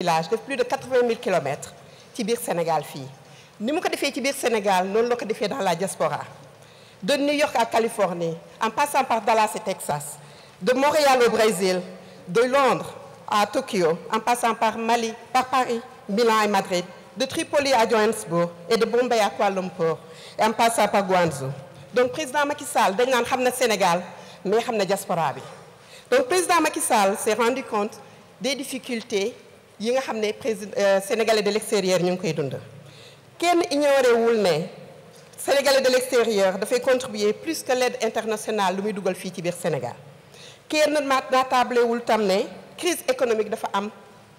village de plus de 80 000 km. tibir Sénégal fi Nous fait Tibir Sénégal nous la fait dans la diaspora de New York à Californie en passant par Dallas et Texas de Montréal au Brésil de Londres à Tokyo en passant par Mali par Paris Milan et Madrid de Tripoli à Johannesburg et de Bombay à Kuala Lumpur en passant par Guangzhou donc président Macky Sall il est le Sénégal mais est la diaspora Donc le président Macky Sall s'est rendu compte des difficultés yi nga xamné président euh, sénégalais de l'extérieur ñu ngi koy dund kenn ignoré wul né sénégalais de l'extérieur fay contribuer plus que l'aide internationale lu muy duggal fi ci biir Sénégal kenn naataable wul tam né crise économique dafa am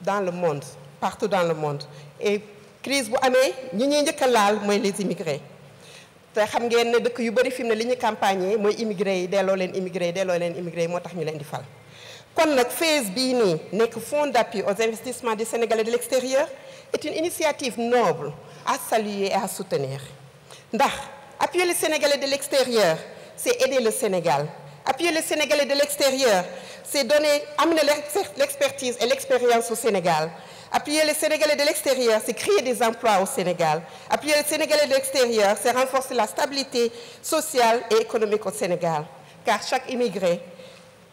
dans le monde partout dans le monde et crise bu amé ñi ñi ñëk laal moy les immigrés té xam ngeen né dëkk yu bari fi mu ne li ñu campagne moy immigrés yi delloo leen immigrés yi delloo leen immigrés yi tax ñu leen di fal comme le phase BINI, fonds d'appui aux investissements des Sénégalais de l'extérieur est une initiative noble à saluer et à soutenir appuyer les Sénégalais de l'extérieur c'est aider le Sénégal appuyer les Sénégalais de l'extérieur c'est donner amener l'expertise et l'expérience au Sénégal appuyer les Sénégalais de l'extérieur c'est créer des emplois au Sénégal appuyer les Sénégalais de l'extérieur c'est renforcer la stabilité sociale et économique au Sénégal car chaque immigré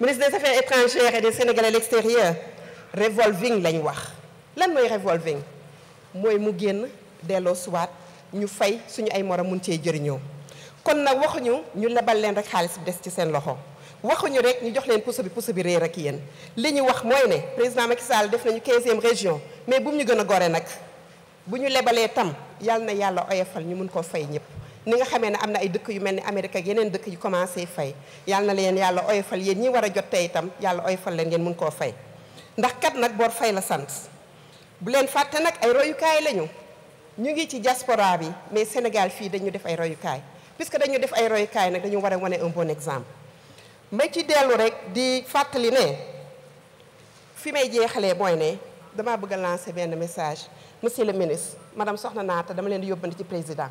ministre des affaires étrangères et des Sénégalais à l'extérieur revolving lañ wax lan mooy revolving mooy mu génn delloo suwaat ñu fay suñu ay morom mun cee jëriñoo kon nag waxuñu ñu lebal leen rek xaalis bi ci seen loxo waxuñu rek ñu jox leen pousse bi pousse bi réer ak yeen li ñu wax moy ne président Macky Sall def nañu 15e région mais buñu gëna goré nak buñu gore tam yalla na yalla oyofal ñu mëne ko fay ñëpp. ni nga xamee ne am na ay dëkk yu mel ni Amérique ak yeneen dëkk yu commencé fay yàlla na leen yàlla oyofal yéen ñi war a jot tey itam yàlla oyofal leen ngeen mun koo fay ndax kat nag boor fay la sant bu leen fàtte nag ay royukaay lañu ñu ngi ci diaspora bi mais Sénégal fii dañu def ay royukaay puisque dañu def ay royukaay nag dañu war a wane un bon exemple ma ci dellu rek di fàttali ne fi may jeexalee mooy ne damaa bëgg a benn message monsieur le ministre madame Soxna Naata dama leen di yóbbante ci président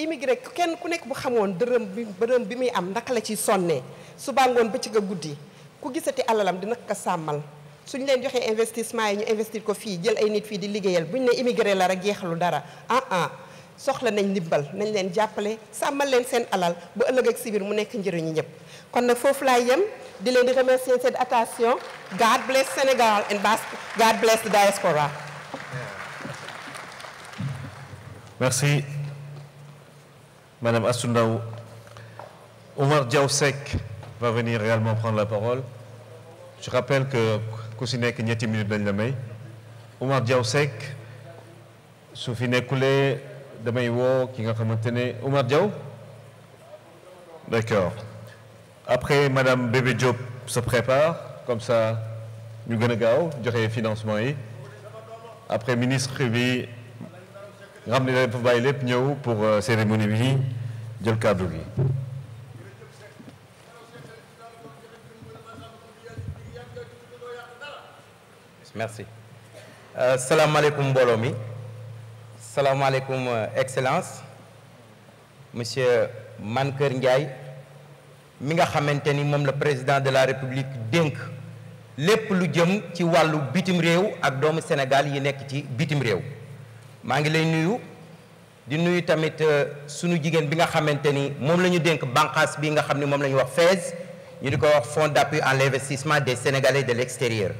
immigré kenn ku nekk bu xamoon dërëm bi dërëm bi muy am naka la ciy sonnee su bàngoon bëccëg a guddi ku gisati alalam dina ko sàmmal suñ leen joxee investissement yi ñu investir ko fii jël ay nit fii di liggéeyal bu ñu ne immigré la rek jeexalu dara ah, ah soxla nañ ndimbal nañ leen jàppale sàmmal leen seen alal bu ëllëg ak si mu nekk njëriñu ñëpp kon nag foofu laay yem di leen di remercier seen attention God bless Sénégal and God bless the diaspora Madame Assundaou. Omar Diawsek va venir réellement prendre la parole. Je rappelle que Kousinek Nyati Minute Danyamei. Omar Diaosek, Soufine Koulé, Damaïwo, qui va maintenir. Omar Diaw D'accord. Après, Madame Bébé Diop se prépare, comme ça, nous le financement. Après, ministre Rivi, Ramener le ne dañ pour euh, cérémonie bi jël kàddu bi merci euh, salaamaaleykum bolomi mi salaamaaleykum euh, excellence monsieur manker ndjay mi nga xamanteni mom le président de la république dink lépp lu jëm ci walu bitim réew ak doomu Sénégal yi nekk ci bitim réew. maa ngi lay nuyu di nuyu tamit euh, sunu jigéen bi nga xamante ni moom la ñu dénk bànqaas bii nga xam ni moom la wax FAISE ñu di ko wax fonds d'appui en l'investissement des Sénégalais de l'extérieur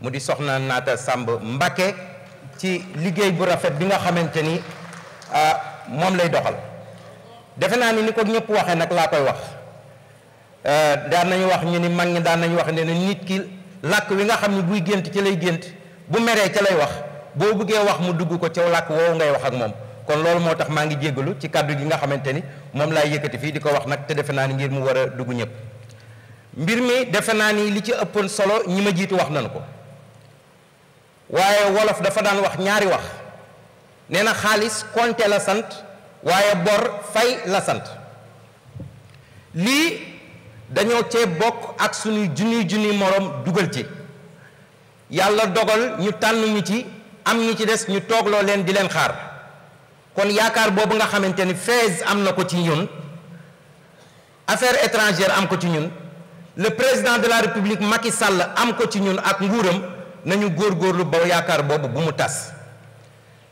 mu di soxna Naata Samb Mbacké ci liggéey bu rafet bi nga xamante ni euh, moom lay doxal defe naa ni ni ko ñëpp waxee nag laa koy wax euh, daan nañu wax ñu ni mag ñi daan nañu wax ne nit ki làkk wi nga xam ne buy gént ci lay gént bu meree ci lay wax boo bëggee wax mu dugg ko caw làkk woowu ngay wax ak moom kon loolu moo tax maa ngi jéggalu ci kàddu gi nga ni moom laay yëkkati fii di ko wax nak te defe naa ni ngir mu war a dugg ñëpp mbir mi li ci solo ñi ma jiitu wax nañu ko waaye wolof dafa daan wax ñaari wax nee na xaalis konte la sant waaye bor fay la sant lii dañoo cee bokk ak suñuy juni juni morom dugal ci yàlla dogal ñu tànn ñu ci am ñi ci des ñu toog loo leen di leen xaar kon yaakaar boobu nga xamante ni Fès am na ko ci ñun affaire étrangère am ko ci ñun le président de la république Macky Sall am ko ci ñun ak nguuram nañu góor góorlu ba yaakaar boobu bu mu tas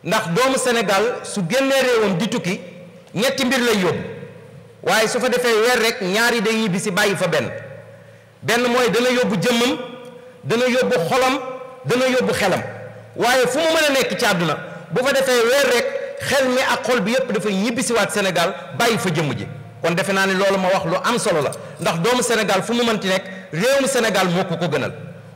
ndax doomu Sénégal su génnee réewam di tukki ñetti mbir lay yóbbu waaye su fa defee weer rek ñaari day ñibbi si bàyyi fa benn benn mooy dana yóbbu jëmmam dana yóbbu xolam dana yóbbu xelam waaye fu mu mën a nekk ci àdduna bu fa defee weer rek xel mi ak xol bi yépp dafay ñibbisiwaat Sénégal bàyyi fa jëmm ji kon defe naa ne loolu ma wax lu am solo la ndax doomu Sénégal fu mu mënti nekk réewum Sénégal moo ko ko gënal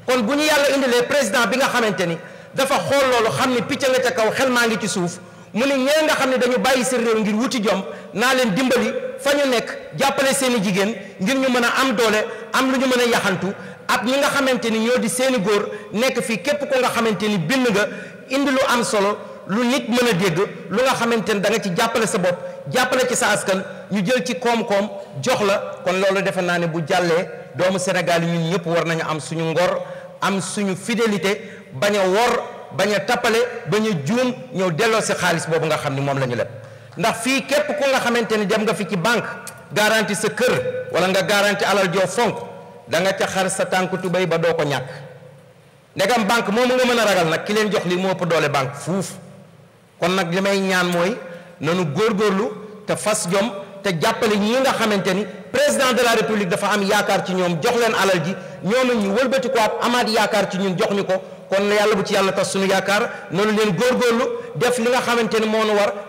kon bu ñu yàlla indilee président bi nga xamante ni dafa xool loolu xam ni picc nga ca kaw xel maa ngi ci suuf mu ne ñee nga xam ne dañu bàyyi seen réew ngir wuti jom naa leen dimbali fa ñu nekk jàppale seen jigéen ngir ñu mën a am doole am lu ñu mën a yaxantu ak ñi nga xamante ni ñoo di seeni góor nekk fii képp ko nga xamante ni bind nga indi lu am solo lu nit mën a dégg lu nga xamante ni da nga ci jàppale sa bopp jàppale ci sa askan ñu jël ci koom-koom jox la kon loolu defe naa ne bu jàllee doomu Sénégal ñun ñëpp war nañu am suñu ngor am suñu fidélité bañ a wor bañ a tappale bañ a juum ñëw delloo si xaalis boobu nga xam ni moom la ñu leb ndax fii képp ku nga xamante ni dem nga fi ci banque garanti sa kër wala nga garanti alal joo fonk danga ca xar sa tànk tubéy ba doo ko ñàkk ndegam moom moomu nga mën a ragal nag ki leen jox li moo ëpp doole banque fuuf kon nag li may ñaan mooy góor góorgóorlu te fas jom te jàppale ñi nga xamante ni président de la république dafa am yaakaar ci ñoom jox leen alal ji ñoom ñu wëlbati ko amaat yaakaar ci ñun jox ñu ko kon yàlla bu ci yàlla tas suñu yaakaar nanu leen góorgóorlu def li nga xamante ni moo nu war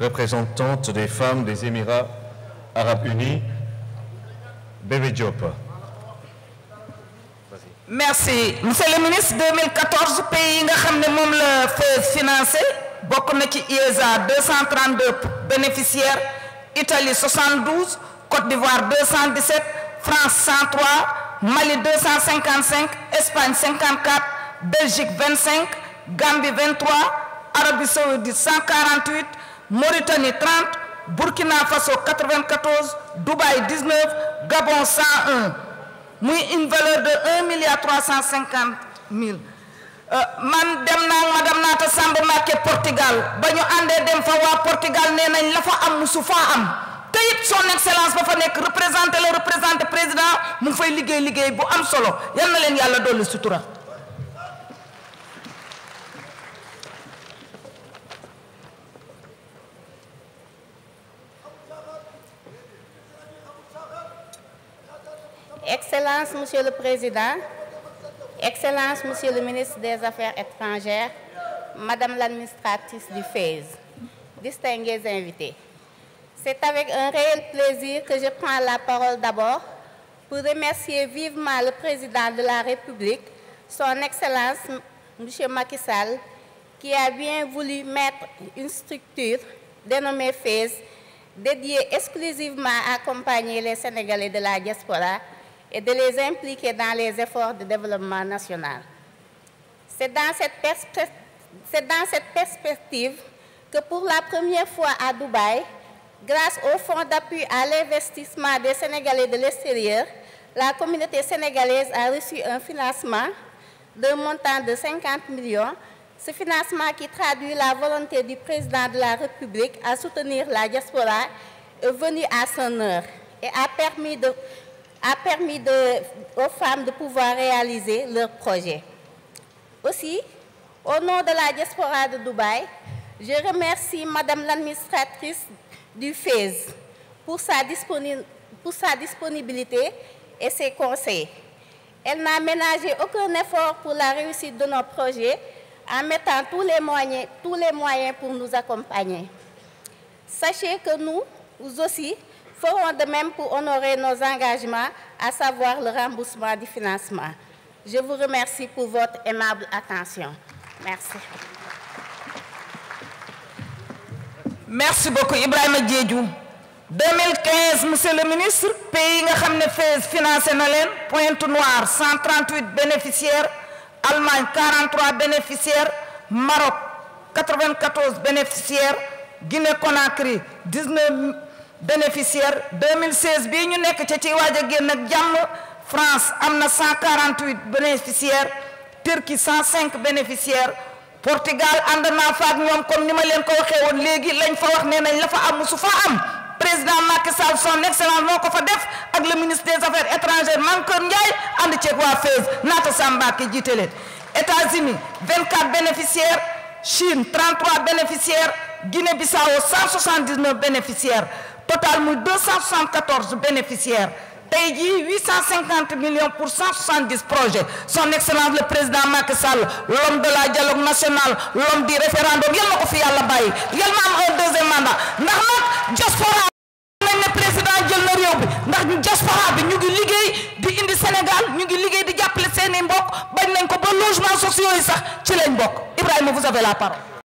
représentante des femmes des Émirats arabes unis, Bébé Diop. merci monsieur le ministre 2014 pays qui nga le fait IESA 232 bénéficiaires Italie 72 Côte d'Ivoire 217 France 103 Mali 255 Espagne 54 Belgique 25 Gambie 23 Arabie Saoudite 148 Mauritanie 30 Burkina Faso 94 Dubaï 19 Gabon 101 muy une valeur de 1 milliard 350 mille euh, man dem naa madame Naata Samb Mbacké Portugal ba ñu àndee dem fa waa Portugal nee nañ la fa am musu faa am te it son excellence ba fa nekk représenté la représenté président mu ngi fay liggéey liggéey bu am solo yan na leen yàlla dolli sutura Excellences, Monsieur le Président, Excellences, Monsieur le Ministre des Affaires étrangères, Madame l'administratrice du FES, distingués invités. C'est avec un réel plaisir que je prends la parole d'abord pour remercier vivement le Président de la République, son Excellence, Monsieur Macky Sall, qui a bien voulu mettre une structure dénommée FES dédiée exclusivement à accompagner les Sénégalais de la diaspora et de les impliquer dans les efforts de développement national. C'est dans cette, dans cette perspective que pour la première fois à Dubaï, grâce au Fonds d'appui à l'investissement des Sénégalais de l'extérieur, la communauté sénégalaise a reçu un financement d'un montant de 50 millions, ce financement qui traduit la volonté du président de la République à soutenir la diaspora est venu à son heure et a permis de a permis aux femmes de pouvoir réaliser leurs projets. Aussi, au nom de la diaspora de Dubaï, je remercie Madame l'administratrice du FES pour sa, disponibilité et ses conseils. Elle n'a ménagé aucun effort pour la réussite de nos projets en mettant tous les moyens, tous les moyens pour nous accompagner. Sachez que nous, vous aussi, feront de même pour honorer nos engagements, à savoir le remboursement du financement. Je vous remercie pour votre aimable attention. Merci. Merci beaucoup, Ibrahim Diédou. 2015, Monsieur le ministre, pays qui a fait financer Pointe Noire 138 bénéficiaires Allemagne 43 bénéficiaires Maroc 94 bénéficiaires Guinée Conakry 19 Bénéficiaires 2016 bi ñu France 148 bénéficiaires Turquie 105 bénéficiaires Portugal le naa fa comme leen ko lañ fa wax nañ la fa am su fa am président Macky Sall son excellence moko fa def ak le ministre des affaires étrangères Mankeur Ndiaye ànd ceeg waa Fès naata États-Unis 24 bénéficiaires Chine 33 bénéficiaires Guinée-Bissau 179 bénéficiaires total de 274 bénéficiaires tey 850 millions pour 170 projets son excellence le président Macky Sall l'homme de la dialogue national l'homme du référendum il a ko fi yàlla il yal am un deuxième mandat ndax nag diaspora nañ le président jël na réew bi ndax diaspora bi ñu ngi liggéey di indi Sénégal ñu ngi liggéey di jàppale seeni mbokk bañ nañ ko ba logements sociaux yi sax ci lañ Ibrahima vous avez la parole